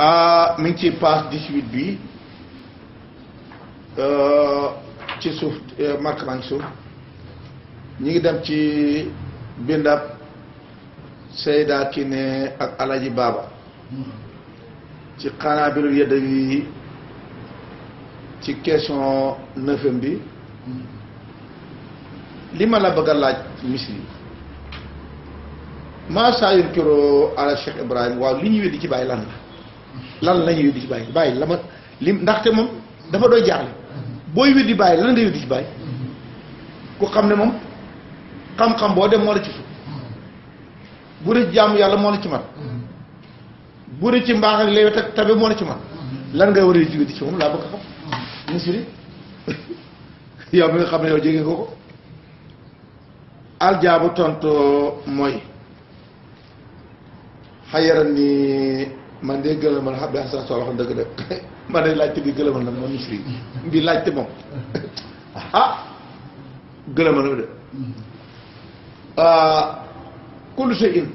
Ah, mi ngi ci page dix-huit bi euh, ci suuf euh, mark maa ngi suuf ñi ngi dem ci bindab Seyda Kine ak Alaji Baaba hmm. ci xanaa bi lu yedda yi ci question neuvième bi hmm. li ma la bëgg a laaj misri maa saa yunkiroo ala Cheikh Ibrahim waaw li ñu weddi ci bàyyi lan la lan la ñuy ci bàyyi bàyyi la ma li ndaxte moom dafa doy jaaxle booy yuddi bàyyi lan nga yuddi ci bàyyi ku xam ne moom xam-xam boo dem moo la ci fut bu dee jaamu yàlla moo la ci mat bu dee ci mbaax ak léewet ak tabe moo la ci man lan ngay war a yuddi ci moom laa bëgg xam musiri yow mi nga xam ne yow jege ko ko aljaabu tonto mooy xayaran ni man de gëlëmal xam ne Assane Sow wax dëgg de man de laajte bi gëlëmal na moom misri bi laajte moom ah gëlëmal na de mm-hmm. ah, kullu shay'in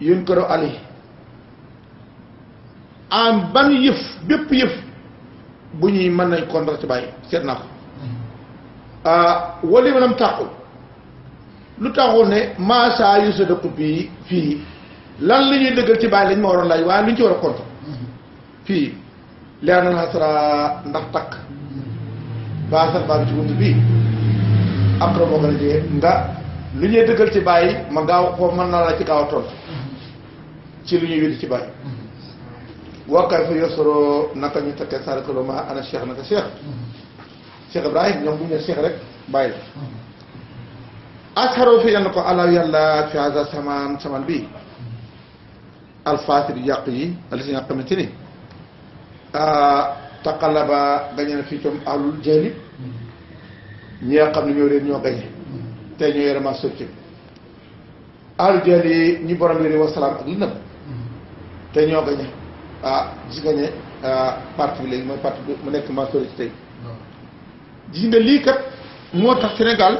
yunkaru alayhi am ban yëf bépp yëf bu ñuy mën nañ kontra ci bàyyi seet naa ko mm-hmm. ah, wali manam tàqul lu taxul ne maasaa yu sa dëkku bii fii lan la ñuy dëggal ci bàyyi lañ ma waroon laaj waaye lu ñu ci war a contre mm-hmm. fii leer na xasara ndax takk ba sax baabi ci bunt bi après boo ko lajee nga lu ñuy dëggal ci bàyyi ma gaaw foofu man naa laa ci gaaw a tontu mm-hmm. ci lu ñuy wéddi ci bàyyi mm-hmm. wakkaay fa yosoroo naka ñu takkee sarakaloo ma ana cheikh naka cheikh cheikh ibrahim ñoom bu ñu ne cheikh rek bàyyi la asxaroo fi yal na ko alaw yàlla fi hasa samaan samaan bii alfaatir yàq yi ali si nga xamante ni taqalaba gañe na fii coom alul jahli ñi nga xam ne ñoo réer ñoo gañe tey ñoo yore ma socc alul jahli ñi borom yore parti mu nekk ma sori ci tey gis nga lii kat moo tax Sénégal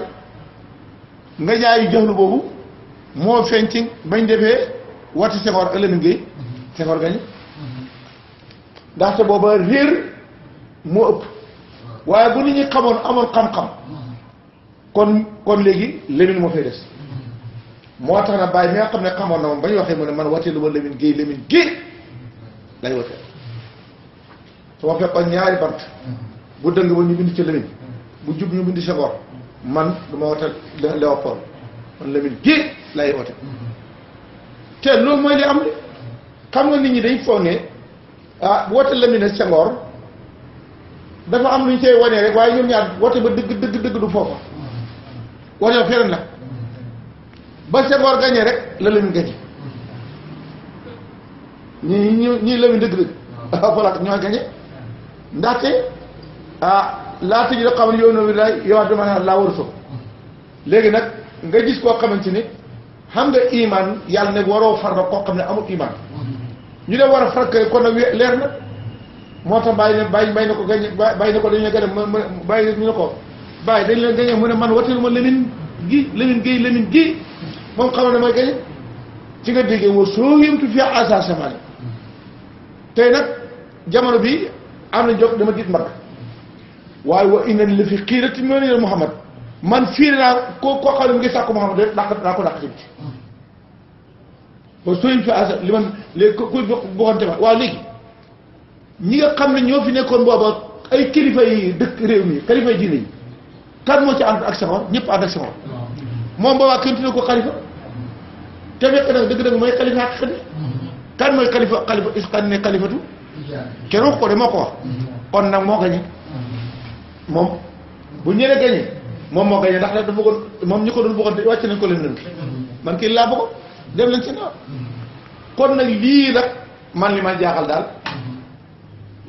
nga jaayu jaxlu boobu moo feeñ ci bañ defee woote Senghor Lamine Gueye Senghor gañe ndaxte booba réer moo ëpp waaye bu nit ñi xamoon amoon xam-xam kon kon léegi Lamine moo fay des moo tax na bàyyi mi xam ne xamoon na moom ba ñu waxee mu ne man watee lu ma Lamine Gueye Lamine Gueye lay watee su ma fekkoon ñaari bant bu dëng ba ñu bind ci Lamine bu jub ñu bind Senghor man du ma watee Léopold man Lamine Gueye lay watee te loolu mooy li am li xam nga nit ñi dañ foog ne ah woote Lamine Senghor dafa am lu ñu cay wane rek waaye ñoom ñaar woote ba dëgg dëgg dëgg du foofa wane ba feneen la ba Senghor gañe rek la Lamine gañe ñi ñi ñi Lamine dëgg dëgg voilà ñoo gañe ndaxte ah laa tëj la xam ne yow noonu laay yow dama naan laa war a léegi nag nga gis koo xamante ni xam nga iman yàlla ne waroo farra koo xam ne amul iman ñu ne war a farka kon nag leer na moo tax bàyyi ne bàyyi bàyyi na ko gañe bàyyi na ko dañu gën a bàyyi ñu ne ko bàyyi dañ leen gañe mu ne man watelu ma lemin gi lemin gi lemin gi moom xam ne may gañe ci nga déggee war soo yëmtu fi asa tey nag jamono bi am na jóg dama diit mag waaye wa inan la fi xiirati mel ni Muhammad man fiire naa ko koo xam ne mu ngi sàkku Muhammad rek naa ko dàq tamit ba sooy fi asa li man léegi ku ku bokkante ma waaw léegi ñi nga xam ne ñoo fi nekkoon booba ay kilifa yi dëkk réew mi kilifa yi yi kan moo ci ànd ak Senghor ñëpp ànd ak Senghor moom boobaa kenn te fekk nag dëgg-dëgg mooy xalifa ak kan mooy xalifa xalifa is kan ne xalifatu kenn wax ko de moo ko wax kon nag moo gañe moom bu ñëwee gañe moom moo gañee ndax dafa bëggoon moom ñi ko doon bëggoon wàcc nañ ko leen rënd man kii laa bëggoon dem leen ci na kon nag lii nag man li ma jaaxal daal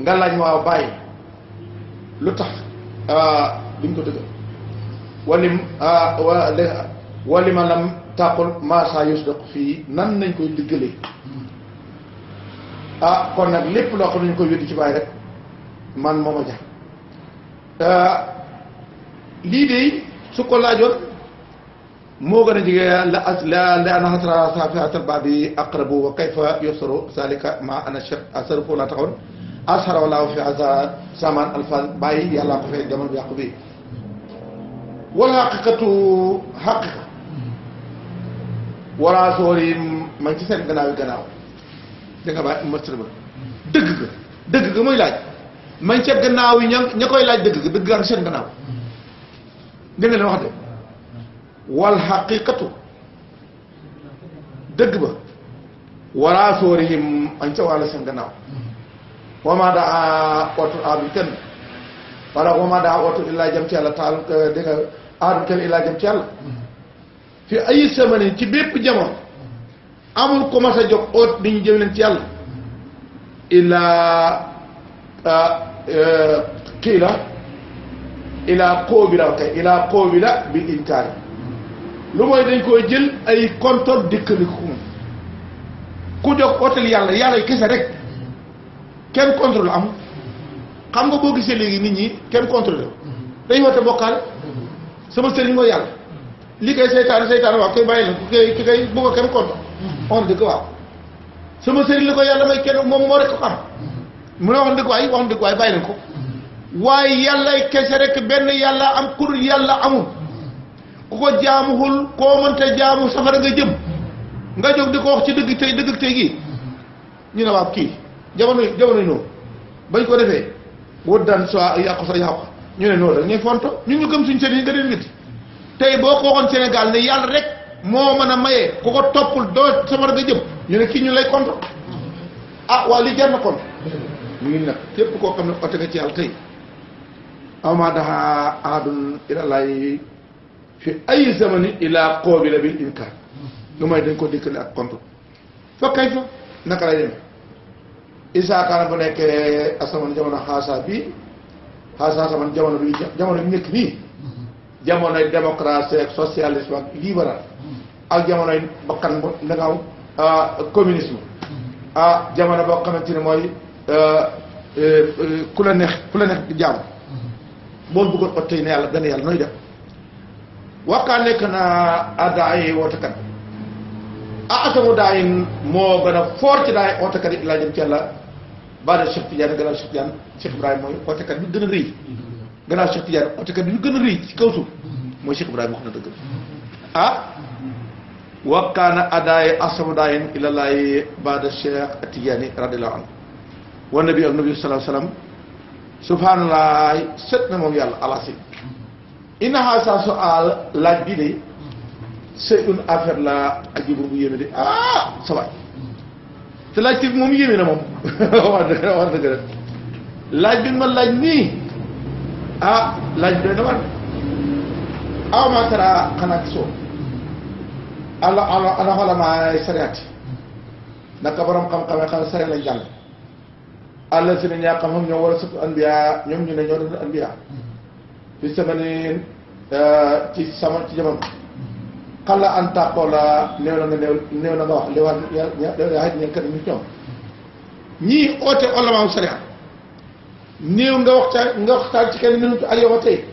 nga laaj ma waaw bàyyi lu tax ah, duñ ko dëggal wali ah, wali ma lam tàqul maasaa fii nan nañ koy diggalee ah kon nag lépp loo xam ne ñu koy weddi ci bàyyi rek man mooma jax lii de su ko laajoon moo gën a jege la as la la ana xasra saafiatal baabi aqrabu wa kayfa yusru salika ma ana cheikh asar foo laa taxoon ashara wala fi asa saman alfan bàyyi yàllaa ko fay jamono bi yàqu bi wala xaqiqatu xaqiqa wala soor yi ma ngi ci seen gannaaw yi gannaaw dégg nga bàyyi mëstër ba dëgg ga dëgg ga muy laaj ma ngi ca gannaaw yi ña ña koy laaj dëgg ga dëgg ga ak seen gannaaw dégg nga wax de wal xaqiqatu dëgg ba waraa soorihim añ ca wàllu seen gannaaw wama daa otu aadul kenn wala wama daa otu illaa jëm ci yàlla taal euh, dégg nga aadul kenn illaa jëm ci yàlla fi ay semaine ci bépp jamono amul ku mas a jox oot di ñu jëm leen ci yàlla illaa euh, euh, kii la ilaa qóobila kay ilaa qóobila bil inkaari lu mooy dañ koy jël ay kontor dëkkandi ko moom ku jóg otel yàlla yàlla yu kese rek kenn contrôle am xam nga boo gisee léegi nit ñi kenn contrôle day woote bokkaal sama sëriñ mooy yàlla li koy seytaane seytaane waaw koy bàyyi la koy ku ko kenn contrôle on dëgg waaw sama sëriñ li ko yàlla may kenn moom moo rek ko xam mun a wax dëgg waay wax dëgg waay bàyyi leen ko waaye yàllay kese rek benn yàlla am kudul yàlla amul ku ko jaamuwul koo mënta jaamu safara nga jëm nga jóg di ko wax ci dëgg tey dëgg tey gi ñu ne kii jamono jamono yi noonu bañ ko defee wut daan soit yàqu sa yàqu ñu ne noonu rek ñu ñu gëm suñ sëriñ yi nga tey boo ko waxoon Sénégal ne yàlla rek moo mën a maye ku ko toppul doo safara nga jëm ñu ne kii ñu lay konto ah waa li jar na kon mu nag képp koo xam ne ote nga ci yàlla tey aw ma daxa ahadun ilallahi fi ay zamani ila qoobila bil inkaar lu may dañ ko dikkale ak contre fa kay fa naka lay demee isaa kaana bu nekkee asaman jamono xaasa bi xaasa asaman jamono bi jamono bi nekk nii jamonoy démocratie ak socialisme ak libéral ak jamonoy bakkan bu ndagaw communisme ah jamono boo xamante ne mooy ku la neex ku la neex jaamu moom bëggoon ot tey ne yàlla benn yàlla nooy def wakkaa nekk naa a daay wootekat a atamu daay moo gën foor ci daay wootekat yi laa jëm ci yàlla baada Cheikh Tidiane gannaaw Cheikh Tidiane mooy wootekat bi gën a rëy bi gën a rëy ci kaw suuf mooy Cheikh Ibrahima wax na dëgg ah wakkaana adaaye asamu daayin ilallaahi baada Cheikh Tidiane radiallahu wa nabi ak nabi sallallahu alayhi wa sallam subhanallah sët na moom yàlla alasi inna xaasaa su al laaj bi de c'est une affaire la ajibu bu yéeme de ah sa waay te laaj bi moom yéeme na moom wax dëgg wax dëgg rek laaj bi ma laaj nii ah laaj bi doy na war aw maa tara xanaa soo ala ala ala xalamaa sariyaat naka borom xam-xamee xam sariyaat lañ jàll àlla si ne ñaa xam ñoo war a sëtu anbiya ñoom ñi ne ñoo def anbiya fi semanin euh, ci sama ci jamono xala an tàqoola na nga wax li war yaa ñeen kat ñu ñoom ñii nga wax ca ci kenn minute ak yow tey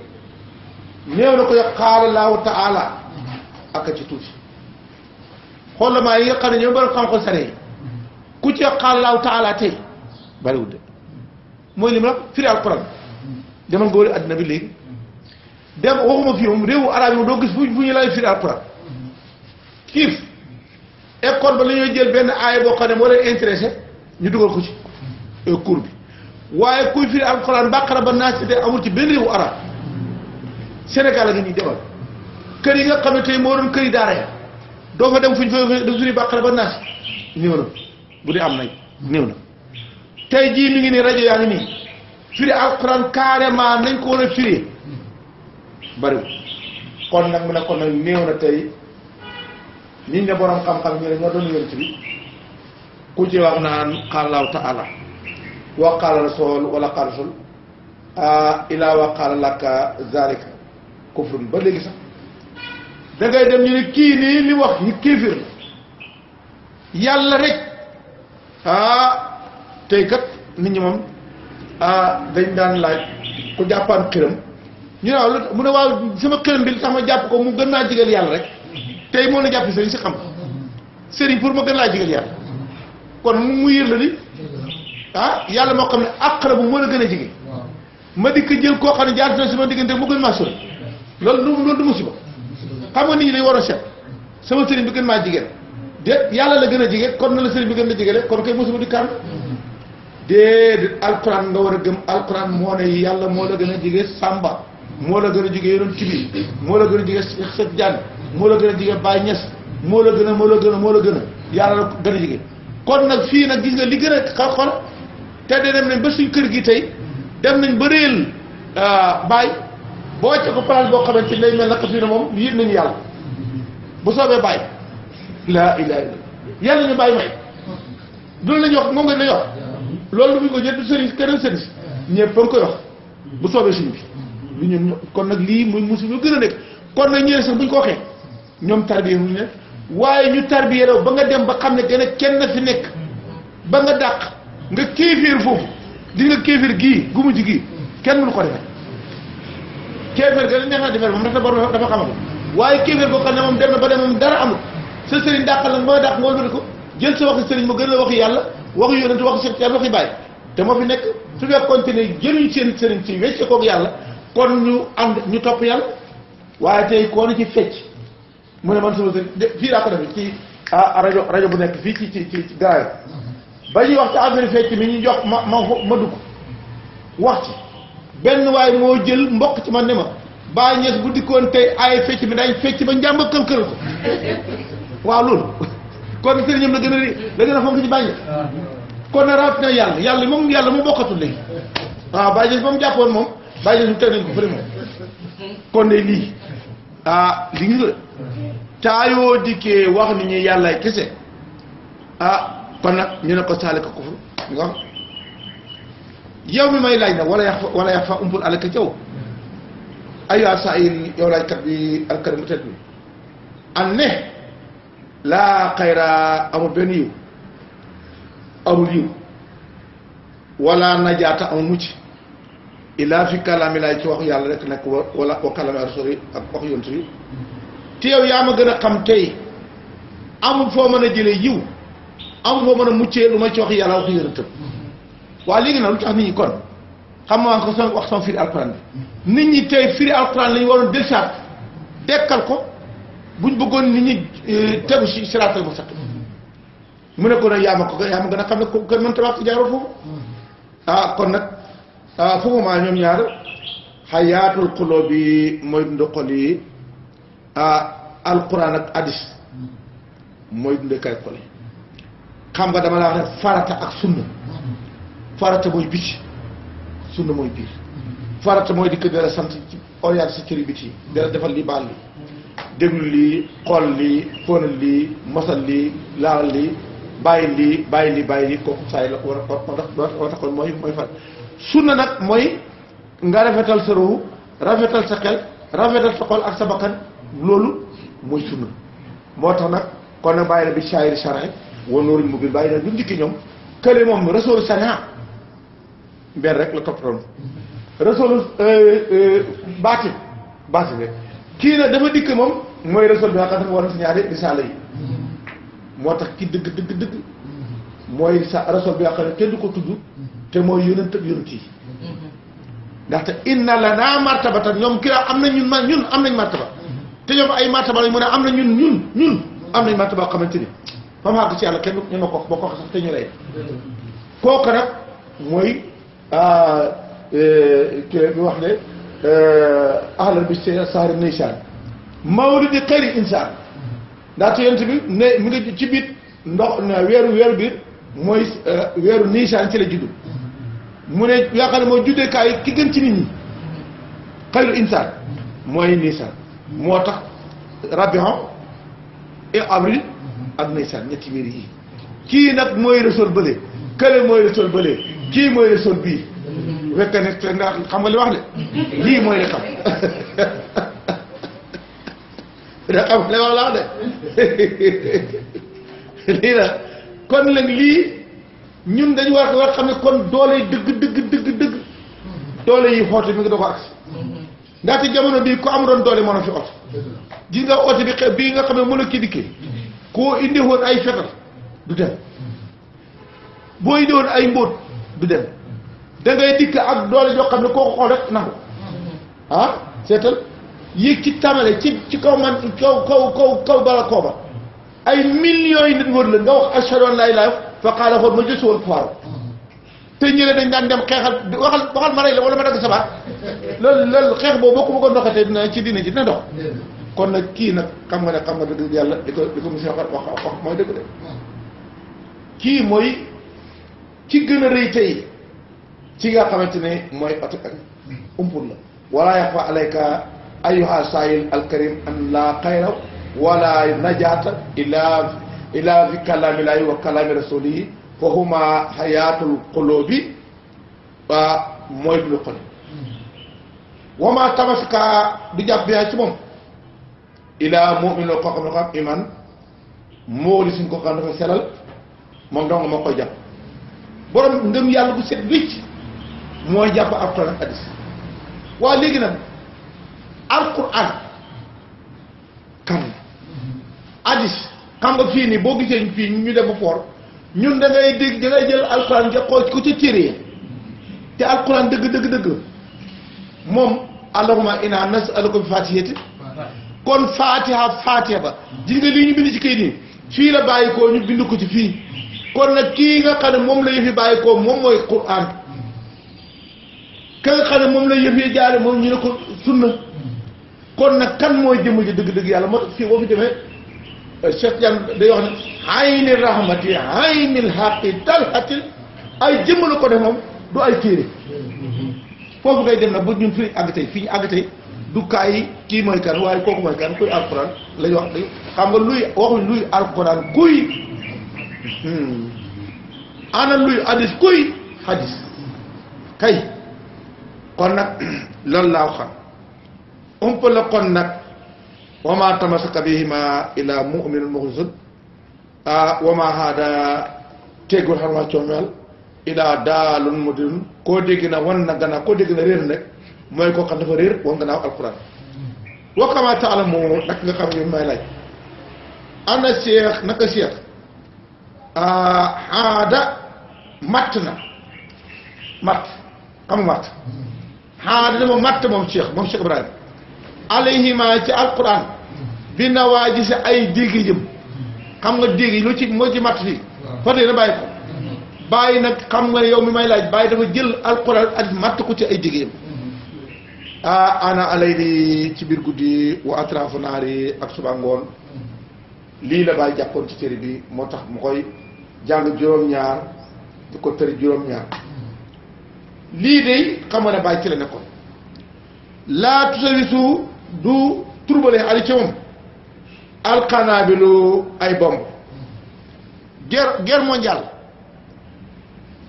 néew na ko yo qaala laahu taala ak ci tuuti xoolamaa yi nga xam ne ñoom borom xam ku ci yo qaala laahu taala tey bariwul de mooy li mu la firi alquran demal nga wëri àddina bi léegi dem waxuma fii moom réewu arabe yi doo gis fu ñu lay firi alquran kiif école ba la jël benn aaya boo xam ne moo leen intéressé ñu dugal ko ci euh, cours bi bàqara ba naas de amul ci benn réewu arab Sénégal ñuy demal kër yi nga xam ne moo doon kër yi daara doo fa dem fu ñu fa da suri bàqara ba naas néew na bu dee am nañ néew na tey jii mi ngi nii rajo yaa ngi nii firi alxuraan carrément nañ ko war firi bariwul kon nag mu ne kon nag néew na tey nit ñi borom xam-xam ñu ne ñoo doon ku ci wax naan xaalaaw taala wa qaala rasul wala qaala rasul ilaa wa qaala laka zalika kufrun ba léegi sax da ngay dem ñu kii nii li wax ñu kéefir la yàlla rek ah tey kat nit ñi moom ah dañ daan laaj ku jàppaan xiram ñu ne waaw lu mu ne waaw sama xiram bi li tax ma jàpp ko mu gën naa jigal yàlla rek tey jàpp sëriñ si xam sëriñ pour ma gën laa jigal kon mu yër la ni ah yàlla moo xam ne àqara bu moo la gën a jige ma dikk jël koo xam ne jaar na si ma diggante mu gën maa sori loolu du loolu du musiba xam nga nit ñi dañu war a set sama sëriñ bi gën maa jigéen de yàlla la gën a jigéen kon na la sëriñ bi gën a jigéen kon koy musiba di kaam déedéet alquran nga war a gëm alquran moo ne yàlla moo la gën a jege Samba moo la gën a jege yonent bi moo la gën a jege Cheikh Seck Diagne moo la gën a jege Baye Niass moo la gën a moo la gën a moo la gën a yàlla la gën a jege kon fii nag gis nga li gën a xar xol de dem ba suñ kër gi tey dem nañ ba réel euh, Baye boo ca ko boo xamante ni day mel naka fii ne moom yëg nañu yàlla bu soobee Baye. laa ilaaha illallaah yàlla ñu Baye may. loolu la ñu wax moom nga la ñu loolu bu ñu ko jënd sëriñ keneen sëriñ ñëpp a ngi koy wax bu soobee suñu bi lu ñu kon nag lii muy musiba gën a nekk kon nag ñëwee sax bu ñu ko waxee ñoom tarbiya mu ne waaye ñu tarbiya raw ba nga dem ba xam ne gën a kenn fi nekk ba nga dàq nga kéeféer foofu di nga kéeféer gii gu mujj gii kenn mënu ko defee kéeféer gën a neex na defee moom dafa bor dafa xamal waaye kéeféer boo xam ne moom dem na ba dem moom dara amul sa sëriñ dàqal la mooy dàq nga wëlbati ko jël sa waxi sëriñ mu gën la waxi yàlla wax waxi yonent waxi secteur waxi bàyyi te moo fi nekk su fekkoon ne jëluñ seen sëriñ si wecce koog yàlla kon ñu ànd ñu topp yàlla waaye tey koonu ci fecc mu ne man sama sëriñ fii laa ko defee ci rajo rajo bu nekk fii ci ci ci garaayo ba ñuy wax ci affaire fecc mi ñu jox ma ma ma dugg wax ci benn waaye moo jël mbokk ci ma ne ma baa ñes bu dikkoon tey ay fecc mi dañ fecc ba njàmba kël kël ko waaw loolu kon sëriñam la gën a la gën a fonk ci bàyyi kon na rawatina yàlla yàlla moom yàlla mu bokkatul léegi waaw bàyyi jëf moom jàppoon moom bàyyi jëf teg nañ ko fële moom kon de lii ah li dikkee wax ni ñu yàlla kese ah, kon nag ñu ne ko saalika kufur nga yow mi may laaj nag wala yax fa wala yax fa umpul alaka saa yi yow laajkat bi alkarim tëdd bi an ne laa xayraa amul benn yiw amul yiw wala najaata amul mucc illaa fi kalaami ci wax yàlla rek nekk wala wa kalaami rasuli ak wax yontu yi te yow yaa ma gën a xam tey amul foo mën a jëlee yiw amul foo mën a muccee lu ma ci wax yàlla wax yontam waaye léegi nag lu tax nit ñi kon xam nga ko sama wax sama firi alquran bi nit ñi tey firi alquran la ñu waroon delsaat dekkal ko bu ñu bëggoon nit ñi euh, tegu si siraatal mustaqim mu ne ko nag yaa ma ko yaa ma gën a xam ne ko gën mën tabax jaaroo foofu ah, kon nag ah foofu maa ñoom ñaar xayaatul xuloo bi mooy dund xol yi ah alquran ak hadis mooy dund kay xol xam nga dama la wax farata ak sunna farata mooy biti sunna mooy biir farata mooy dikk dara sant orienté sa cëri biti dara defal li baal li déglu li xool li fóonal li mosal li laal li bàyyi lii bàyyi li bàyyi lii kooku saa yi la war a war a kon mooy mooy fan sunna nag mooy nga rafetal sa ruuxu rafetal sa xel rafetal sa xol ak sa bakkan loolu mooy sunna moo tax nag kon nag bàyyi la bi saayir saraay wa nuurul mubiin bàyyi la du njëkki ñoom kële moom rasoolu sanaa ah, benn rek la toppatoon rasoolu euh, euh, baatin baatin rek kii nag dafa dikk moom mooy rasul bi xaqatan moo doon si ñaari yi moo tax ki dëgg dëgg dëgg mooy sa rasul bi nga xam ne kenn du ko tudd te mooy yonent ak yonent yi ndaxte inna lanaa martabatan ñoom ki am na ñun ma am nañ martaba te ñoom ay martaba lañ mu ne am na ñun ñun ñun am nañ martaba xamante ni fa kenn ñu ma ko boo ko wax sax te ñu lay kooku nag mooy ah, eh, kii bi wax ne eh, ahlal bi saari naysaan mawlidi xëri insaan ndaxte yonent bi ne mi ngi ci biit ndox weeru weeru biir mooy euh, weeru nisaan ci la juddu mu ne yoo xam ne mooy juddeekaay ki gën ci nit ñi xayru insaan mooy nisaan moo tax rabion et avril ak nisaan ñetti weer yi kii nag mooy resool bële kële mooy resool bële kii mooy resool bii fekk ne ndax xam nga li wax de lii mooy li xam da xam ne wax kon nag lii ñun dañu war war xam ne kon dëgg dëgg dëgg dëgg doole yi mi ngi doo ko agsi ndaxte jamono bii ku am doon doole moo na fi oto nga xam ne mën kii dikkee koo woon ay fetal du dem boo ay mbóot du dikk ak doole joo xam ne koo ko xool rek naxu ah seetal yéeg ci tamale ci ci kaw man kaw kaw kaw kaw bala kooba ay millions yi nit wër la nga wax ashhadu an laa ilaaha fa qaala xool ma jësu woon faaru te ñële dañ daan dem xeexal waxal waxal ma rey la wala ma dagg sabaa loolu loolu xeex boobu boo ko bëggoon doxatee dina ci dina ci dina dox kon nag kii nag xam nga ne xam nga dëgg yàlla di ko di ko monsieur wax wax mooy dëgg de kii mooy ci gën a rëy tey ci nga xamante ne mooy oto ak umpul la wala yax fa alayka ayyuha saayil alkarim an laa xayra wala najaata illa illa bi kalaamillaahi wa kalaami rasuulihi fa huma hayaatul quluubi wa mooy dul xol wa maa tamasuka du jàpp bi ci moom illa mu'min koo xam ne ko am iman mooli suñ ko xam dafa selal moom dong moo koy jàpp borom ngëm yàlla bu set wicc mooy jàpp alxuraan ak hadiis waa léegi nag alquran kan hadis xam nga fii nii boo gisee fii ñu def foor ñun da ngay dégg da ngay jël alquran nga xool ko ci téere te alquran dëgg dëgg dëgg moom allahumma inna nas'aluka bi fatihati kon fatiha fatiha ba ji lii ñu bind ci kayit nii fii la bàyyi ñu bind ko ci fii kon nag kii nga xam ne moom la yëfi bàyyi koo moom mooy quran ka nga xam ne moom la yëfi jaare moom ñu ne ko sunna kon nag kan mooy jëmm ji dëgg-dëgg yàlla moo tax fii boo fi demee euh, Cheikh Tidiane day wax ne ayni rahmati aynil xaqi talhatil ay jëmm la ko def moom du ay téere foofu ngay dem nag bu ñun fii àgg tey fii ñu àgg tey du kaay kii mooy kan waaye kooku mooy kan kuy alquran lañu wax xam nga luy waxuñ luy alquran kuy hmm. ana luy hadis kuy hadis kay kon nag loolu laa xam umpale kon nag wa maa tamasaka bihima ila muminun muxlisun a wa maa haada teggul xarma coomeel ila daalun mudinun koo dégg na wan na gannaaw koo dégg na réer nag mooy koo xam dafa réer wan gannaaw alquran wa kama taalamu nag nga xam ne may laaj ana seex naka seex xaada matt na matt xam nga matt xaada dama matt moom seex moom Cheikh Ibrahima alayhima ci alquran bi na waa ji si ay dégg jëm xam nga dégg yi ci moo ci mat fii fotee na bàyyi ko mm-hmm. bàyyi nag xam nga yow mi may laaj bàyyi dafa jël alquran ak matt ko ci ay dégg jëm mm-hmm. ah ana alayli ci biir guddi wa atrafu naari ak suba mm-hmm. lii la bàyyi jàppoon ci téere bi moo tax mu koy jàng juróom-ñaar di ko tëri juróom-ñaar lii de xam nga ne bàyyi ci la nekkoon laa tusawisu du turbale ali ci moom alqanaabilu ay bomb guerre guerre mondiale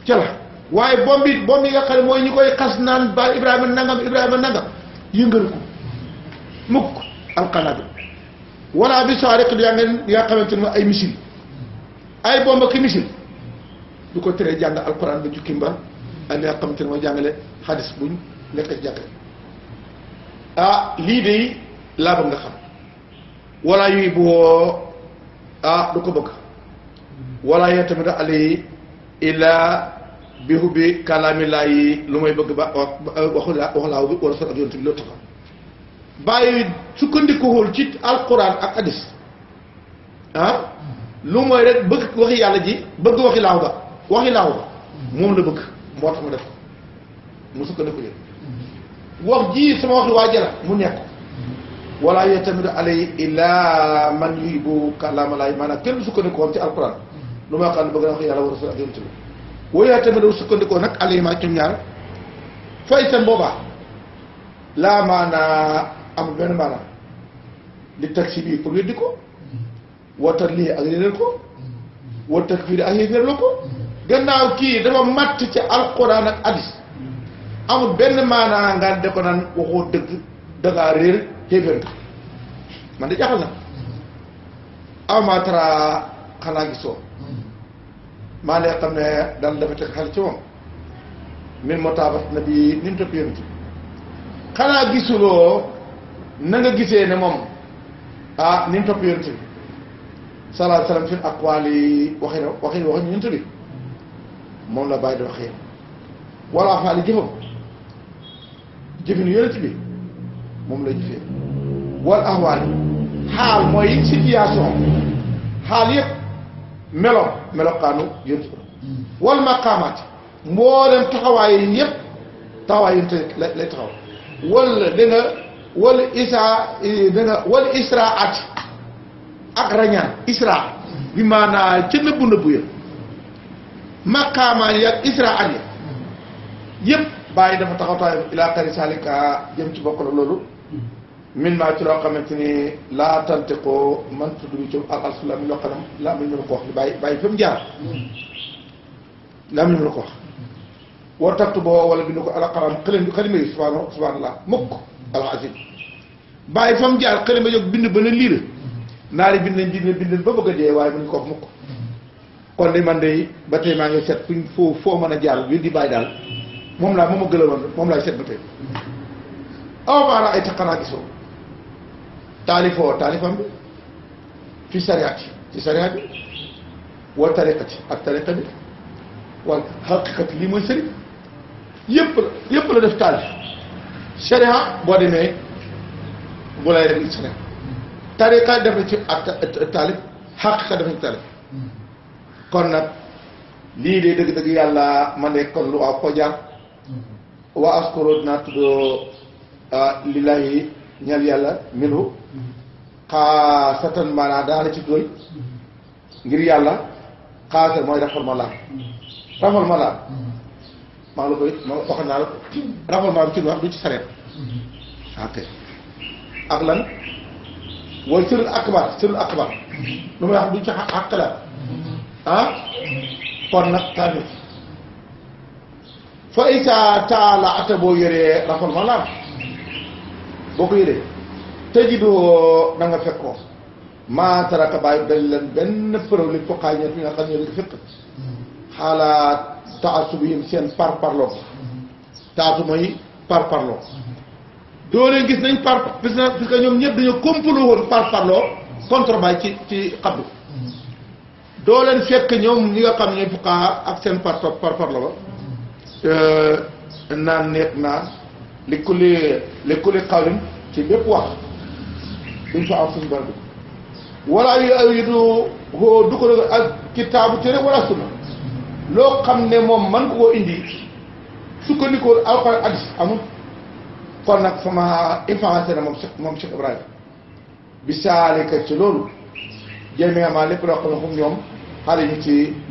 ca la waaye bomb it bomb yi nga xam ne mooy ñu koy xas naan baal Ibrahima nangam Ibrahima nangam yëngal ko mukk alqanaabil wala bi saariq yaa ngeen yaa xamante ne ay missile ay bomb ki missile du ko teree jàng alquran ba jukkim ba ak li nga xamante mooy jàngale xadis buñ nekk jàkkee ah lii de laa bëgg nga xam wala yuy bu ah, du ko bëgg wala yee tamit ali illa bi hubbi kalaami yi lu may bëgg ba waxu laa waxu laa bi loolu taxaw bàyyi ci alquran ak hadis ah lu mooy rek bëgg waxi yàlla ji bëgg waxi laaw ga waxi laaw ga moom la bëgg moo tax ma def mu sukkandiku yéen wax ji sama wax waa mu nekk wala yatamidu alay illa man yuhibu kalaama laay maanaam kenn sukkandikoo woon ci alquran lu ma xam ne wax yàlla wa rasul ak yonent sukkandikoo nag alay maa ñoom ñaar fay seen boobaa laa maanaa amul benn maanaam li taxi bii pour weddi lii ak réeréer ko wa takfir ak yéeféer la ko gannaaw kii dafa matt ci alquran ak amul benn maanaa nga de ko naan waxoo dëgg dangaa réer kéeféer nga man de jaaxal na mm-hmm. ama tara xanaa gisoo mm-hmm. maa ne xam ne daan dafa teg xel ci moom min moo taabat na bi ni mu topp yonent xanaa gisuloo na nga gisee ne moom ah ni mu topp yonent bi salaa salaam fi aqwaal yi waxin waxin waxin yonent bi mm-hmm. moom la bàyyi di waxee wala faali jëfam jëfinu yonent bi moom la jëfee wal ahwaal xaal mooy situation xaal yëpp melo melokaanu yonent bi wal maqaamaat mboolem taxawaay yi yëpp taxawaay yonent lay taxaw wala danga wala isa danga ak rañaan isra bi maanaa ca nëbbu nëbbu ya maqaamaan ya ak israat ya yëpp bàyyi dafa taxaw taxaw ilaa xari saalika jëm ci bokk la loolu min maa ci loo xamante ni laa tante ko man tudd bi ci al alsu la mi loo xam ne laa mi ñu la ko wax bàyyi fa mu jaar laa mi ñu la ko wax war taktu wala bi ko alaqaram xëlim xëlima yi subhaana subhaanallah mukk alazim bàyyi fa jaar xëlima bind ba ne liira naari bind nañ bind bind ba bëgg a dee waaye mënuñ ko wax mukk kon de man de ba tey maa ngi seet fuñ foo foo mën a jaar wi di bàyyi daal moom laa moom a gëlëwoon moom laay seet ba tey aw maanaa ay taqanaa gisoo taalifoo taalifam bi fi sariyaati ci sariyaat bi wa tariqati ak tariqa bi wal xaqiqati lii mooy sëriñ yëpp la la def taalif sariya boo demee bu lay def sariya tariqa def na def na hmm. kon nag lii de dëgg-dëgg yàlla ma ne kon lu waaw koo wa askuru naa tuddoo lillahi ñal yàlla minhu xaasatan maanaam dana la ci doy ngir yàlla xaasatan mooy rafal ma laal rafal ma laal maa naa la rafal ma bi ci wax du ci sareet ok ak lan wala sirul akbar sirul akbar lu muy wax du ci xàq la ah kon nag fa ita taala ata boo yoree rafal ma laam boo ko yoree tajidoo da nga fekkoo maa taraka bàyyi dañ leen benn preuve li foqaay ñoo fi nga xam ne dañ fekk xaalaat taasubihim seen par parlo taasu mooy par parloo doole gis nañ par parce que ñoom ñëpp dañoo complot woon par parloo contre bay ci ci xabdu doo leen fekk ñoom ñi nga xam ne fuqaa ak seen par par ba Euh, naan neet naa li kulli li kulli ci bépp wax duñ fa am suñu barab wala yu yu du koo du kitaabu téere wala sunna loo xam ne moom man koo indi sukkandikoo alxuraan hadis amul kon nag sama influencé na moom Cheikh moom Cheikh Ibrahima bi saalika ci loolu jéemee ma lépp loo xam ne xum ñoom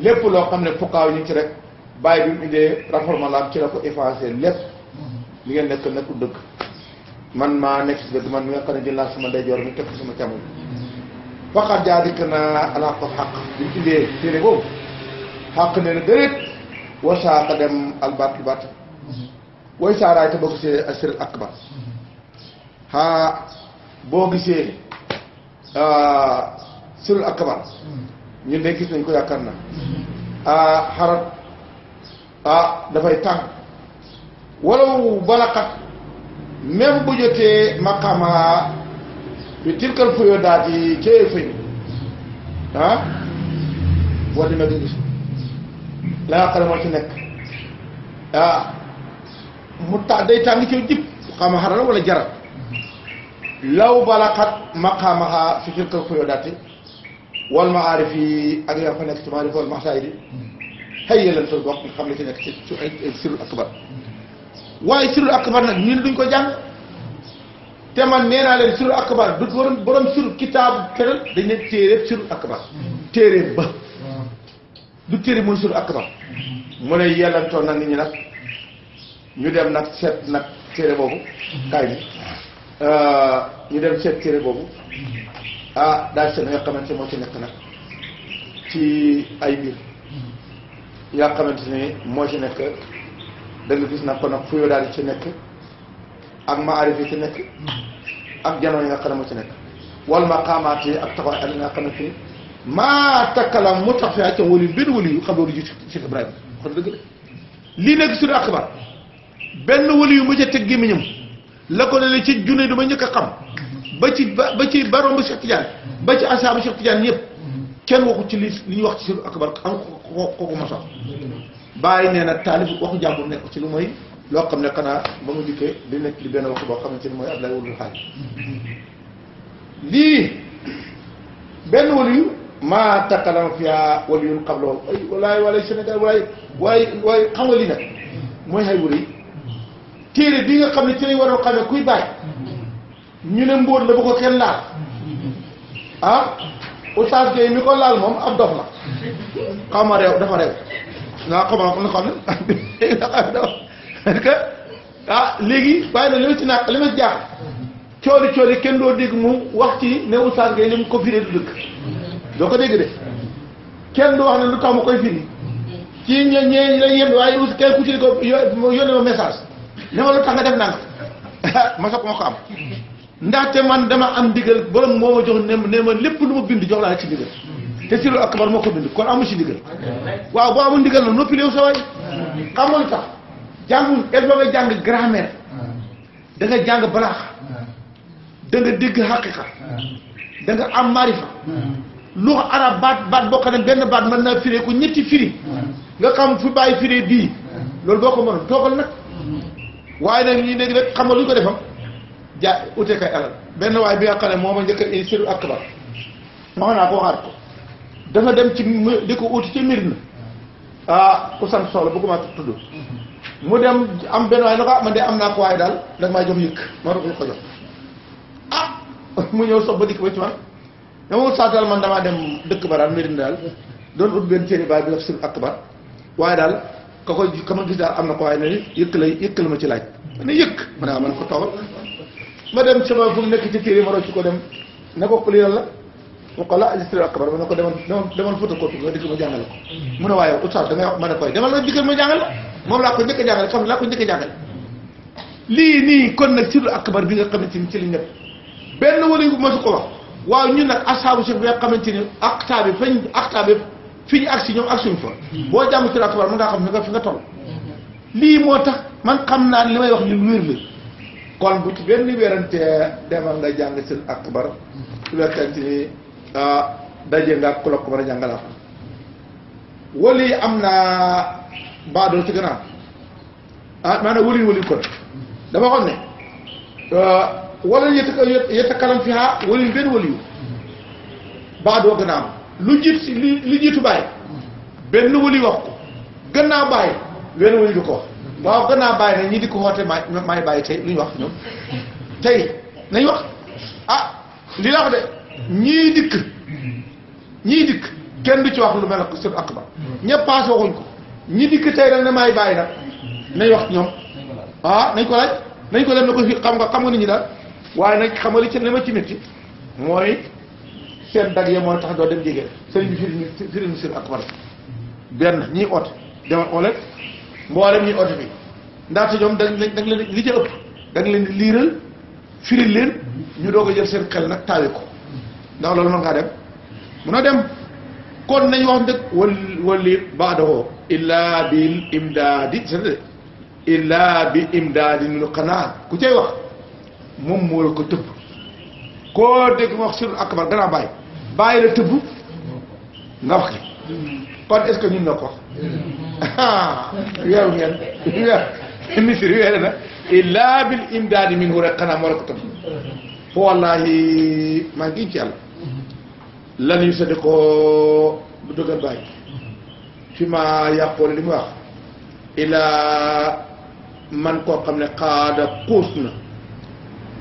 lépp loo xam ne fukkaaw ñu ci rek. bàyyi bi mu indee réforme la ci la ko effacé lépp li ngeen nekk nekkul man maa nekk si man mi nga xam ne jël naa sama ndeyjoor mi teg sama càmmoñ faqat jaa dikk naa ala ko xaq bi mu indee téere boobu xaq nee na déedéet wasaaka dem albatul bat way saaraay te boo gisee asir ak ba xaa boo gisee sirul akbar hmm. ñun de gis nañ ko yaakaar ah dafay tàng walaw balaxat même bu jotee maqama bi tilkal fuyo daal yi ca fëñ ah boo demee la nga xam ne moo ci nekk ah mu ta day tàng ci jib xama xaral wala jaral law balaxat maqamaha fi tilkal fuyo daati wal maarif yi ak yaa fa nekk ci maarif wal maxsaay di xëy leen sooy bopp nga xam ne ci nekk ci su ay sirul akbar waaye sirul akbar nag ñun duñ ko jàng te man nee naa leen sirul akbar du borom borom sirul kitaab keneen dañ leen téere sirul akbar téere ba du téere mooy sirul akbar mu ne yellantoon nag nit ñi nag ñu dem nag seet nag téere boobu kaay bi ñu dem seet téere boobu ah daal seen nga xamante moo ci nekk nag ci ay biir yi nga moo ci nekk da nga gis nag kon nag fuyo daal yi ci nekk ak maarif yi ci nekk ak janoo yi nga xam ne moo ci nekk wal maqaamaat yi ak taxawaay ak yi nga xamante ni maa takkalaam mu tax fi ay ca wali benn wali yu xam loolu jiitu Cheikh Ibrahima wax dëgg de lii nekk suñu benn wali yu ca teg gémmiñam la ko ne ci junne du ma njëkk a xam ba ci ba ci baroom ba Cheikh Tidiane ba ci asaabu Cheikh Tidiane yëpp kenn waxu ci li li ñu wax ci seen akbar am ko ko a bàyyi nee na waxu jàmbur nekk ci lu mooy loo xam ne xanaa ba mu dikkee di nekk li benn wax boo xam ne mooy Abdoulaye Wulul Xaaj lii benn waliyu maa takkalam fiyaa waliyun waaye waaye xam nga nag mooy xay wuri téere bi nga xam ne ci lañ war a xamee kuy bàyyi ñu ne mbóot la bu ko kenn laal ah? Oustaz Gueye mi ko laal moom ab dox la xaw ma réew dafa réew waaw xaw ma xam ne parce que ah léegi bàyyi na li ma ci naq li ma kenn doo dégg mu wax ci ne Oustaz Gueye li mu ko firee du dëgg doo ko dégg de kenn du wax ne lu tax ma koy firi ci ñe ñee la yem waaye us kenn ku ci ko yónnee ma message ne ma lu tax nga def nanga ma soog ma ko am ndaxte man dama am ndigal borom moo jox ne ne ma lépp lu ma bind jox laa rek si ndigal te si loolu akbar moo ko bind kon amu si ndigal waaw boo amul ndigal na noppi léew sa waay xamoon tax jàngul el ba ngay jàng grammaire da nga jàng balaax da nga dégg xaqiqa da nga am marifa lu arab baat baat bokk na benn baat mën naa firi ku ñetti firi nga xam fu bàyyi firi bii loolu boo ko mënoon toogal nag waaye nag ñu ne rek xam nga lu ko defam ja ute kay alal benn waay bi nga xam ne moo ma njëkk a sur akbar wax naa dem ci di ko uti ci mbir na ah dem am benn waay na ko ah, naa ko waaye daal da nga maa jox yëkk ma rokul ko jox ah mu ñëw sox ba dikk ba man dama daal man dem dëkk ba daal mbir daal doon ut benn téere baay bi daf sur akbar waaye daal ka koy ka ma gis am na ko waaye ne yëkk la yëkk la ma ci laaj ma ne yëkk ma ne ah, ko toogal ma dem sama fu mu nekk ci téere ma rocc ko dem ne ko ku la mu ko la alistré akbar ma ne ko demal demal photocopie nga dikk ma jàngale ko mu ne waaye oustaz da nga dikkal ma jàngal ko njëkk a ko njëkk jàngale lii nii kon nag sirul akbar bi nga xamante ni ci li ñëpp benn waliyu bu ko wax waaw ñun nag asaabu si bi nga xamante ni aktaa bi fañ aktaa bi fi ñu agsi ñoom agsiwuñ fa boo jàng sirul akbar mën ngaa xam fi nga fi nga toll lii moo tax man xam naan li may wax li wér la kon bu ci benn werantee demal nga jàng seen akbar su fekkente ni ah, daje nga ku la ko mën a jàngalaat wali am naa baadoo ci gannaaw ah maanaam wali wali kon dama xam ne ah, wala yëtt yëtt kalam fi xaa wali benn wali yu baadoo gannaaw lu jiit lu jiitu bàyyi benn wali wax ko gannaaw bàyyi wenn wali du ko waaw gannaaw bàyyi na ñi dikk ko woote maay maay bàyyi tey lu wax ñoom tey nañ wax ah li la wax de ñii dikk ñii dikk kenn du ci wax lu mel ak seen akbar ñëpp paase waxuñ ko ñi dikk tey nag ne maay bàyyi nag nañ wax ñoom ah nañ ko laaj nañ ko dem na ko fi xam nga xam nga nit ñi daal waaye nag xam nga li ci li ma ci métti mooy seen dag ya moo tax doo dem jege sëriñ bi firi firi seen akbar benn ñii oot demal ooleen mboolem ñuy oote bi ndaxte ñoom dañ leen leen li ca ëpp dañ leen di liiral firil leen ñu doog a jël seen xel nag taawi ko ndax loolu mën ngaa dem munoo dem kon nañ wax ndëg wal wali baadaho illa bil imdaadi c'est-à-dire bi imdaadi nu xanaa ku cay wax moom moo la ko tëbb koo dégg ma wax sirul akbar gannaaw bàyyi bàyyi la tëbb nga wax li kon est-ce que ñun na ko weeru ngeen weer misir weere na illaa bil imdaadi minhu rek xanaa moo rek tam fo wallahi maa ngi ci yàlla lan yu sadi ko bu dëggal bàyyi fi ma yàqoole li mu wax ilaa man koo xam ne xaada xuus na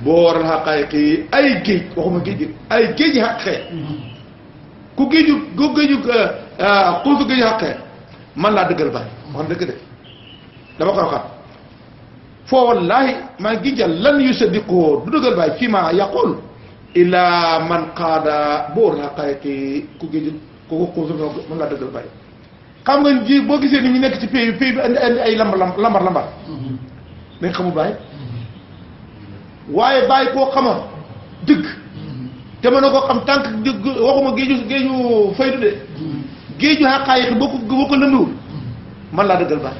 boo waral xaqaayiq ay géej waxuma géej ay géej xaqee ku géeju ku géeju xuusu euh, euh, géeju xaqee man laa dëggal bàyyi wax dëgg de dama koy waxaat foo wallaahi maa ngi jàll lan yu saddiqoo du dëggal bàyyi fii ma yaqul illa man qaada boor xaqayiqi ku géeju ku xuusu man laa dëggal bàyyi xam nga ji boo gisee ni ñu nekk ci pays bi pays bi andi andi ay lambar lambar lambar mm-hmm. dañ xamul bàyyi mm-hmm. waaye bàyyi koo xamoon dëgg te mën na koo xam tànk waxuma géeju géeju faydu de géeju xaqaayiq boo ko boo ko lëmbiwul man laa dëggal baat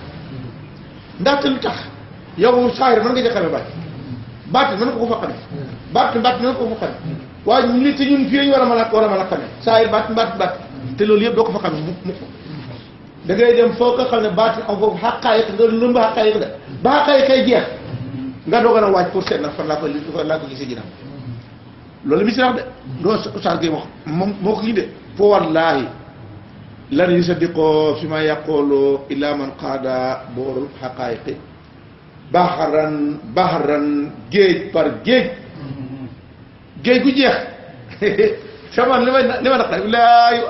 ndaxte lu tax yow saahir mën nga ca xamee baat baat mën nga ko fa xamee baat baat mën nga ko fa xamee waaye a mën a war a a baat baat baat te loolu yëpp doo ko fa xamee mu mu da dem foo ko xam ne baat am foofu xaqaayiq nga lëmb xaqaayiq la ba xaqaayiq jeex nga doog a wàcc pour seet nag fan laa koy fan laa ko gisee ginnaaw loolu mi si wax de doo Oustaz Gueye wax moom moo ko kii de foo wallaahi lan yusaddiqoo fi ma yaqooloo illa man qaada boorul xaqaayiqi baxaran baxaran géej par géej géej gu jeex sama li may li ma naqare laayu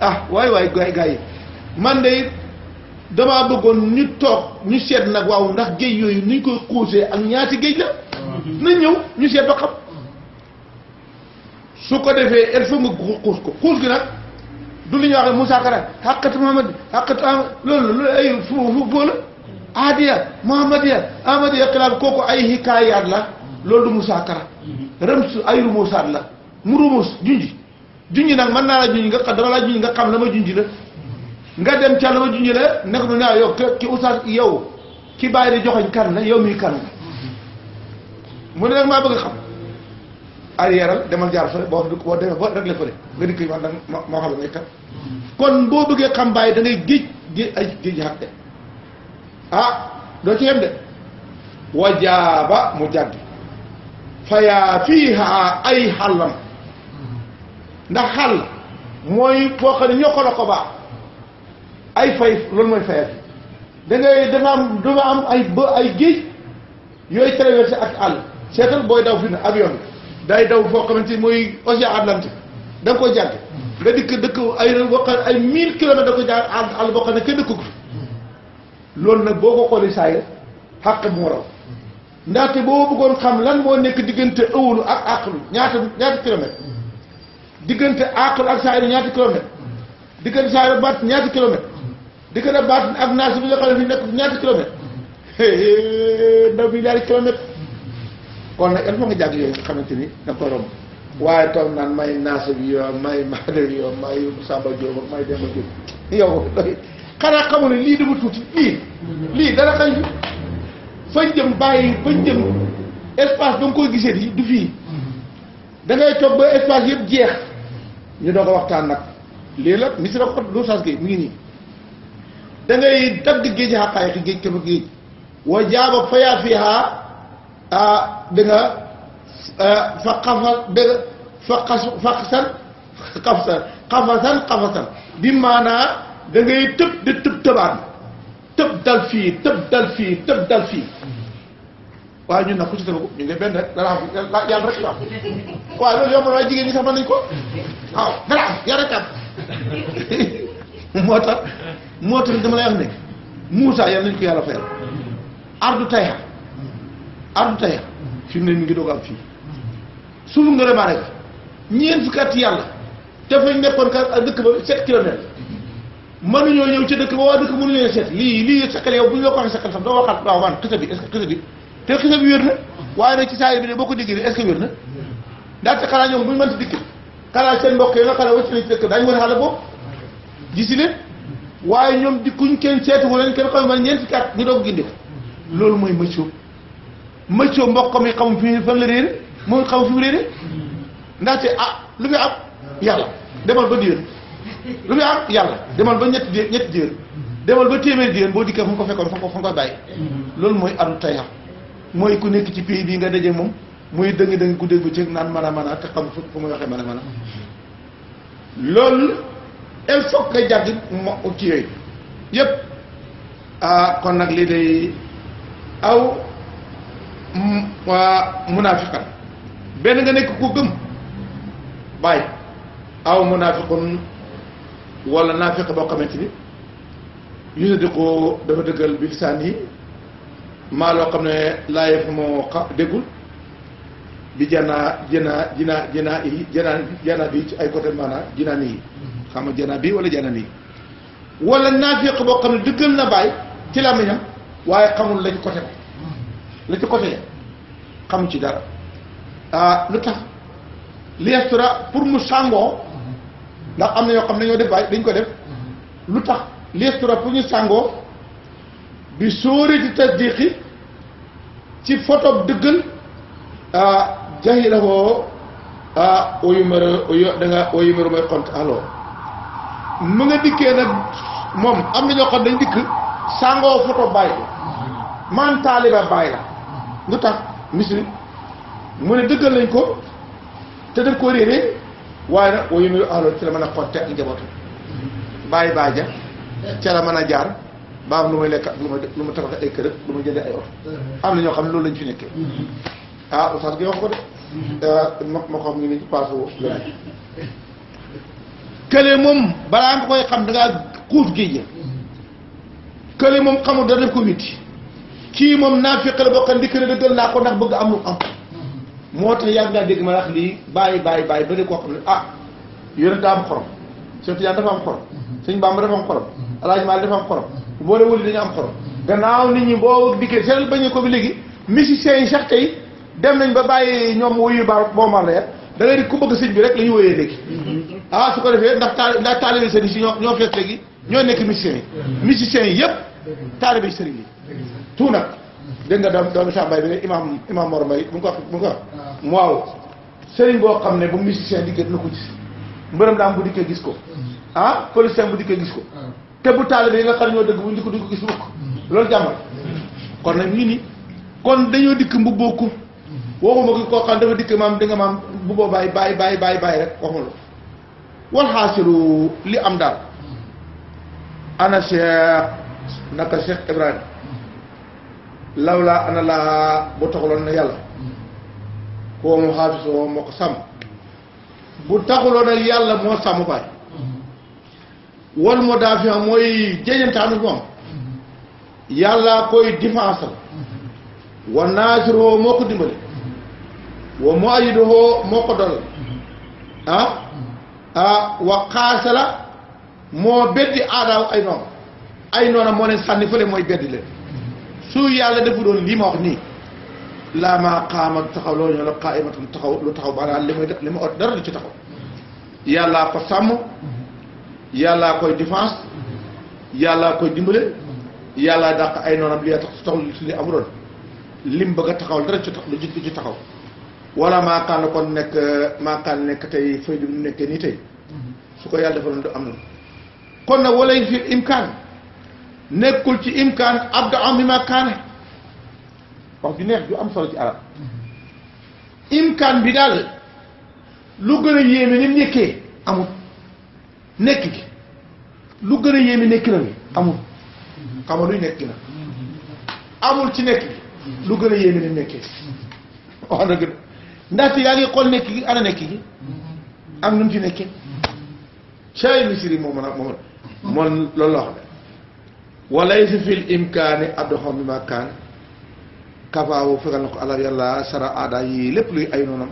ah waay waay gaay gaay yi man de damaa bëggoon ñu toog ñu seet nag waaw ndax géej yooyu nuñ koy xuusee ak ñaati géej la ah. nañ ñëw ñu seet ba xam su ko defee il faut nga xuus ko xuus gi nag du lu ñuy wax ne musaakara xàqatu Muhammad xàqatu loolu loolu ay fu fu la aadiya muhammadiya amadiya xilaaf kooku ay hikaayaat la loolu du musaakara rëms ay rumuusaat la mu rumuus junj junj nag mën naa la junj nga xam dama la nga xam la ma junj la nga dem ca la ma junj la nekk nu naa yow ki oustaz yow ki bàyyi di joxoñ kan la yow mii kan la mu ne nag maa bëgg xam arrièreal demal jaar fële boo boo demee ba réglé ma ma kon boo bëggee xam bàyyi da ngay géej géej ay géej xaq de ah doo ci yem de wajaaba mu jàdd fayaa fiiha ay xàllam ndax mooy foo xam ne ñoo ko la ko baax ay fay loolu mooy fayaa fi da am danga am ay ba ay géej yooyu traversé ak àll seetal booy daw fi ne avion day daw foo xamante ni mooy océan Atlantique da nga koy jàgg nga dikk dëkk ay bokk ay mille kilomètres da ko jaar àll boo xam ne kenn dëkku ko loolu nag boo ko xoolee saa yi bu mu waral ndaxte boo bëggoon xam lan moo nekk diggante ëwlu ak àqlu ñaata ñaata diggante àqlu ak saa yi ñaata kilomètre diggante saa yi baat ñaata kilomètre diggante baat ak naas bi nga xam ne fi nekk ñaata kilomètre ndaw bi ñaari kilomètre kon nak il faut nga jagg yoy nga xamante da ko rom waye toog nan may naasa bi yoo may maadal yo may samba jóob may dem jóob yow doy xanaa xamul li lii dama tuuti li lii dara xay fa jëm baye fa jëm espace dang koy gisee yi du fii da ngay tok ba espace yeb jeex ñu do a waxtaan nak li la misra ko do sax gi mu ngi da ngay dagg géej xaqaay xi géej kama géej wa ya fiha a dengan nga eh, fa xafa da faqasu faqsan xafsan xafasan xafasan bi maanaa di tëb tëbaan tëb dal fii tëb dal dalfi tëb dal fii waaye ñun nag ku ci tëbagu ñu ngi benn rek dara am yàlla rek la ko ardu ardu fi mu ne mi ngi doog am fii sunu ngërëm rek ñeent fukki at yàlla te fañ nekkoon ka dëkk ba 7 kilomètres mënuñoo ñëw ci dëkk ba waa dëkk mënuñu leen seet lii lii sakkal yow bu ñu la ko waxee sakkal sax doo waxaat waaw man xisa bi est-ce que xisa bi te xisa bi wér na ne boo ko déggee est-ce que wér na ndaxte xanaa ñoom bu ñu mënti dikk xanaa seen mbokk yi nga xam dëkk daañu mën a xale boobu gisi leen waaye ñoom dikkuñ kenn seetu leen kenn xaw ma ñeent fukki at ñu doog gindi loolu mooy mëccoo mëccoo mboq mi xamul fi fan la réere mooy xamul fi mu réere ndaxte ah lu muy am yàlla demal ba diir lu muy am yàlla demal ba ñetti diir ñetti diir demal ba téeméer diir boo dikkee fu mu ko fekkoon fa ko nga bàyyi mm-hmm. loolu mooy aru taya mooy ku nekk ci pays bii nga dajee moom muy dëng dëng guddeeg bu cëg naan man a man a te xam fu muy waxee man a man a loolu il faut que nga jàggi mo yooyu yëpp ah, kon nag lii day aw munaafiqan benn nga nekk ku gëm bàyyi aw munaafiqun wala naafiq boo xamante ni yu di ko dafa dëggal bi lisaan yi maa loo xam ne laa yëf moo xa déggul bi janaa janaa jinaa janaa yi janaa bi ci ay côté maanaam jinaa nii mm-hmm. xam nga janaa bi wala janaa nii wala naafiq boo xam ne dëggal na bàyyi ci làmmiñam waaye xamul lañ côté la ci côté xam ci dara ah lu tax liestura pour mu sàngoo ndax am na ñoo xam ne ñoo def bàyyi dañ ko def lu tax liestura pour ñu sàngoo bi sóori di tasdiqi ci photo dëggal ah, jaxi la koo ayu ah, méro da nga ayu méro mooy compte mu nga dikkee nag moom am na ñoo xam dañ dikk sàngoo photo bàyyi man taaliba bàyyi la lu tax misri mu ne dëggal nañ ko te daf koo réeree waaye nag wayu nuyu ahloon ci la mën a xotte ak njabootu bàyyi baaja ca la mën a jaar baa am lu may lekk lu ma lu ma tabax ay kër lu ma jëndee ay oto am na ñoo xam ne loolu lañ fi nekkee ah oustaz gi wax ko de euh, ma ma xam ngi ni paasu la kële moom balaa nga koy xam da ngaa xuus géej kële moom xamul dara def ko witti kii moom naa la bokkan di kër dëggal naa ko ndax bëgg am lu am moo tax yàgg ngaa dégg ma wax lii bàyyi bàyyi bàyyi ba ne koo xam ne ah yonent am xorom Cheikh Tidiane dafa am xorom Sëñ Bamba dafa am xorom Alaaji Maalik dafa am xorom boole dañu am xorom gannaaw nit ñi boo dikkee ba bañu ko bi léegi musiciens yi sax tey dem nañ ba bàyyi ñoom wuyu ba boo mar leer da ngay di ku bëgg sëñ bi rek la ñu wooyee léegi ah su ko defee ndax taal ndax taalibe sëriñ si ñoo ñoo fees léegi ñoo nekk musiciens yi musiciens yi yëpp taalibe sëriñ yi Tuna, dengan dalam nga sampai doomi bi imam imam Mor Mbaye mu ah. Wow, ko wax mu ko waw serigne bo xamne bu musicien gis mbeureum daam bu diké gis ko hmm. ah police bu diké gis ko té bu talib yi nga xam ñoo dëgg bu ñu ko duñ gis mukk lool jàmmal kon nak ñi ni kon hmm. kan dañu dikk mbu bokku waxuma ko ko xam dafa dikk maam de nga maam bu bo bay bay bay bay bay rek waxuma wal li am dal hmm. ana cheikh naka cheikh ibrahim lawlaa ana laa bu taxuloo na yàlla koo mu xaafisoo moo ko sàmm bu taxuloon ak yàlla moo sàmm baay wal moo daa fi mooy jeejantaanu moom yàlla koy défensal wa naasiroo moo ko dimbale wa mu ayidoo moo ko dolal ah? ah, wa xaasala moo beddi aadaaw ay noonu ay noona moo leen sànni fële mooy beddi leen su yàlla defu doon lii ma wax nii laa maa xaamal taxaw loolu ñoo la xaayimatun taxaw lu taxaw maanaam li def li ma ot dara du ci taxaw yàllaa ko sàmm yàllaa koy défense yàllaa koy dimbale yàllaa dàq ay noonam li tax lim bëgg a taxaw dara ci tax ci taxaw wala maakaan kon nekk maakaan nekk tey fay du nekkee nii tey su ko yàlla defaloon du am na kon nag wala fi imkaan nekkul ci imkaan abdu am bi ma kaane wax ju neex ju am solo ci arab imkaan bi daal lu gën a yéeme ni nekkee amul nekk gi lu gën a yéeme nekki na mi amul xam nga luy nekki ci nekk lu gën a yéeme ni nekkee wax yaa ngi xool nekk gi ana nekk gi am nu ci nekkee cay misiri moo mën a moom loolu loo xam walaysa fil imkaani addoxo bi ma kaan kafaawu fegal na ko alal yàlla sara aada yi lépp luy ay noonam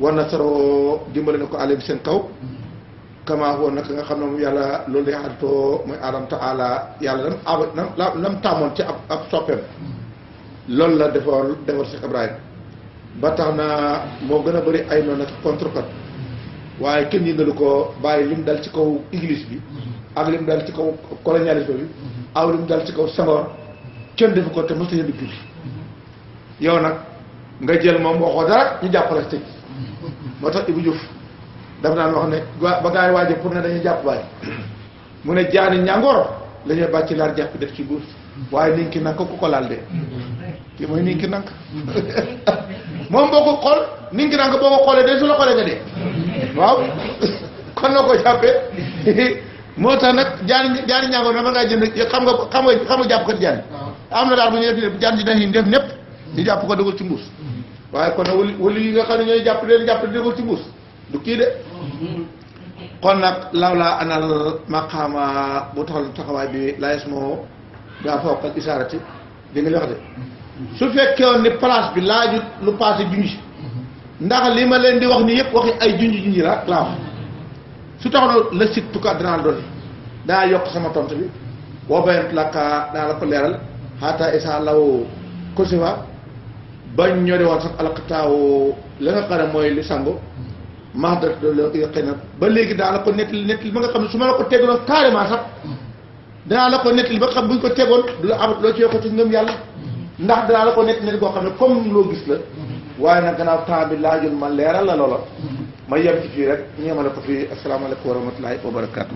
war na saroo dimbali na ko ale bi seen kaw kamaa woon nag nga xam ne moom yàlla loolu day xaritoo mooy aadam taala yàlla lam ab nam lam ci ab ab soppeem loolu la defar defar Cheikh Ibrahima ba tax na moo gën a bëri ay noon ak contrekat waaye kenn yëngalu ko bàyyi lim dal ci kaw église bi ak li mu dal ci kaw colonialisme bi mhm. ak li dal ci kaw Senghor kenn defu ko te mos nañu di mhm. yow nag nga jël moom waxoo dara ñu jàppale tëj mhm. moo tax Ibou Diouf daf naan wax ne ba gaa yi waaje pour ne dañuy jàpp waaye mu ne jaani ñàngoor la ñuy bàcc laar jàpp def ci guus waaye ninki nank ku ko laal de kii mooy ninki nank moom boo ko xool ninki nank boo ko xoolee de su la xoolee nga de waaw kon na ko jàppee moo tax nag jaan jaani ñaangoor na mën ngaa jënd xam nga xam nga xam nga jàpp ko jaani am na daal bu ñu def jaan ji dañuy jàpp ko dugal ci mbuus mm-hmm. waaye kon nag wali wali yi nga jàpp leen jàpp dugal ci mbuus du kii de mm-hmm. kon nag law laa anal maqaama bu taxal taxawaay bi layes moo daa fawq ak isaarati di nga wax de mm-hmm. su fekkewoon ni place bi laaju lu passé junj ndax li ma leen di wax ni yëpp waxi ay junj junj la laa wax su taxawloo la sit tukat danaa la dolli yokk sama tontu bi boo bayant lakka danaa la ko leeral xaata isa law kosifa bañ ñori woon sax alxataawu la nga xam ne mooy li sango maa da xëy na ba léegi danaa la ko nettali nettali ba nga xam ne su ma la ko teggoon carrément sax danaa la ko nettali ba xam buñ ko teggoon du la amat loo ci yàlla ndax danaa la ko nett nett boo xam ne comme loo gis la mm-hmm. waaye nag gannaaw temps bi laajul ma leeral la loola mm-hmm. ma yem ci fii rek ñu yemale ko fii asalaamaaleykum wa rahmatulahi wa barakaatu.